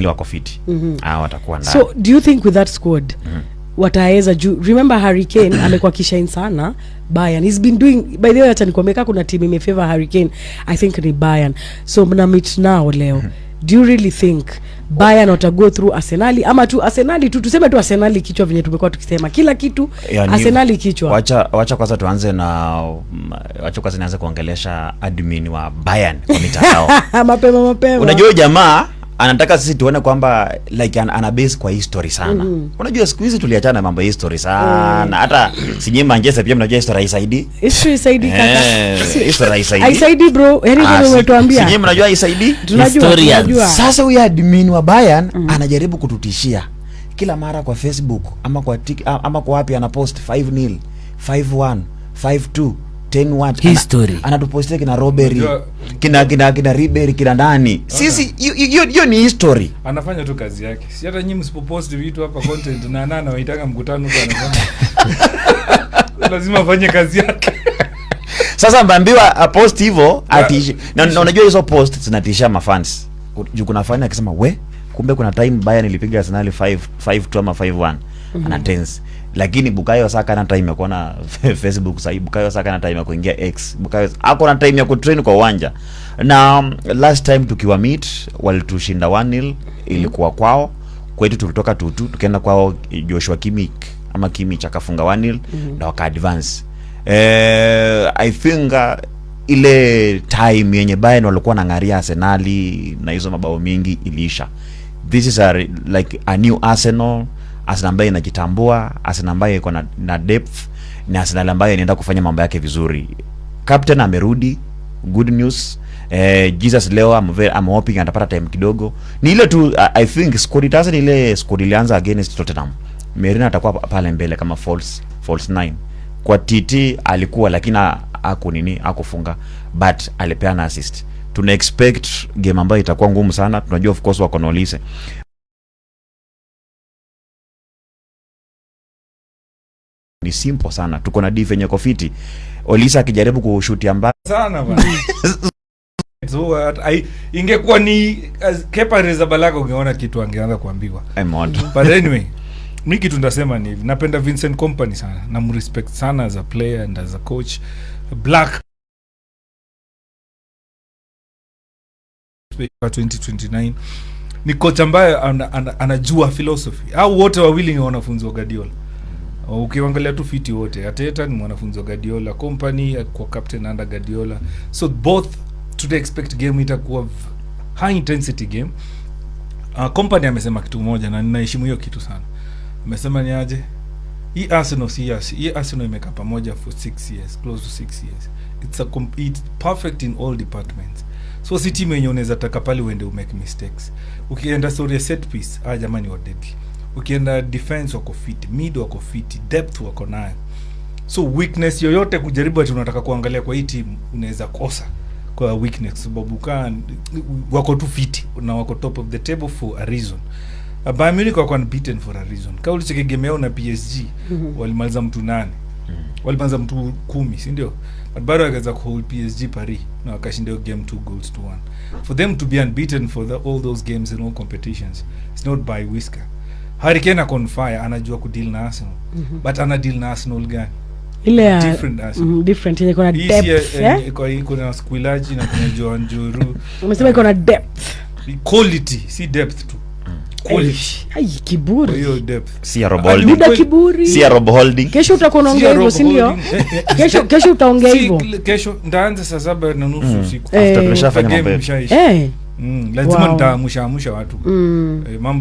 Ismail wako fiti mm -hmm. ah, watakuwa ndani. So do you think with that squad mm -hmm wataweza juu remember hurricane amekuwa kishain sana Bayern. He's been doing by the way, hata nikwambia kuna team imefavor hurricane I think ni Bayern, so mna meet now leo mhm. do you really think Bayern wata go through Arsenali ama tu Arsenali tu tuseme tu Arsenali kichwa venye tumekuwa tukisema kila kitu yani, Arsenali kichwa. Wacha wacha kwanza tuanze na mm, wacha kwanza nianze kuongelesha admin wa Bayern kwa mitandao mapema mapema, unajua jamaa anataka sisi tuone kwamba like an, ana base kwa history sana. Mm -hmm. Unajua siku hizi tuliachana mambo ya history sana. Mm. Hata sinyi Manchester pia mnajua history haisaidi. History haisaidi eh, kaka. History haisaidi. Haisaidi bro. yani ah, ndio umetuambia. sinyi mnajua haisaidi. Tunajua. Sasa huyu admin wa Bayern mm -hmm. anajaribu kututishia kila mara kwa Facebook ama kwa tiki, ama kwa wapi anapost 5 nil 5 1 5 2 anatupostia kina robery kina kina kina riberi kina nani sisi, hiyo ni history. Anafanya tu kazi yake, si hata nyinyi msipopost vitu hapa content na nana waitanga mkutano huko anafanya lazima afanye kazi yake. Sasa mbambiwa a post hivyo ati na, unajua hizo post zinatisha mafans juu kuna fani akisema we, kumbe kuna time Bayern nilipiga Arsenal 5 5 tu ama 5 1 ana mhm. tense lakini Bukayo Saka na time ya kuona Facebook sasa Bukayo Saka na time ya kuingia X. Bukayo ako na time ya kutrain kwa uwanja. Na um, last time tukiwa meet walitushinda 1-0 ilikuwa kwao. Kwetu tulitoka tutu tukaenda kwao Joshua kimik ama Kimmich akafunga 1-0 mm -hmm. na waka advance. Eh, I think uh, ile time yenye Bayern walikuwa ngaria Arsenal na hizo mabao mingi iliisha. This is a, like a new Arsenal Arsenal ambaye inajitambua, Arsenal ambaye iko na, na depth na Arsenal ambaye inaenda kufanya mambo yake vizuri. Captain amerudi, good news. Eh, Jesus leo I'm very, I'm hoping atapata time kidogo. Ni ile tu I, I think squad itasa ile squad ilianza against Tottenham. Merina atakuwa pale mbele kama false false nine. Kwa TT alikuwa lakini aku nini akufunga but alipea na assist. Tuna expect game ambayo itakuwa ngumu sana. Tunajua of course wako na Olise. ni simple sana, tuko na div yenye kofiti Olisa akijaribu kushuti ambayo sana So, uh, ingekuwa ni uh, Kepa Arrizabalaga ungeona kitu angeanza kuambiwa. But anyway, mi kitu ndasema ni hivi, napenda Vincent Company sana, namrespect sana as a player and as a coach black 2029 ni coach ambaye anajua philosophy. Au wote wawili ni wanafunzi wa Guardiola ukiangalia tu fiti wote, Ateta ni mwanafunzi wa Guardiola, Company kwa captain under Guardiola, so both today expect game itakuwa high intensity game. Uh, ah, Company amesema kitu moja na ninaheshimu hiyo kitu sana. Amesema ni aje, hii Arsenal si yes hii Arsenal imekaa pamoja for 6 years, close to 6 years. It's a complete perfect in all departments. So si timu yenye unaweza taka pale uende umake mistakes. Ukienda sorry set piece, ah, jamani what deadly ukienda defense wako fit, mid wako fit, depth wako nayo. So weakness yoyote kujaribu ati unataka kuangalia kwa hii timu unaweza kosa kwa weakness, sababu kan wako tu fit na wako top of the table for a reason. Uh, Bayern Munich wako unbeaten for a reason. Kama ulicheke game yao na PSG mm -hmm. walimaliza mtu nane mm -hmm. walimaliza mtu kumi, si ndio? But bado wakaweza kuhold PSG Paris na wakashinda game two goals to one. For them to be unbeaten for the, all those games and all competitions, it's not by whisker harikena Kane anajua kudeal na Arsenal mm -hmm. but ana deal na Arsenal gani ile ya different mhm, yenye kuna depth eh, eh na kuna Joan Juru umesema iko na depth quality, si depth tu mm. Ay, kiburi si ya Rob Holding, muda kiburi, si ya Rob Holding. Kesho utakuwa unaongea hivyo, si ndio? Kesho kesho utaongea hivyo, si kesho ndaanza saa saba na nusu mm. usiku eh. after tumeshafanya mambo eh, mm, lazima watu mm. eh, mambo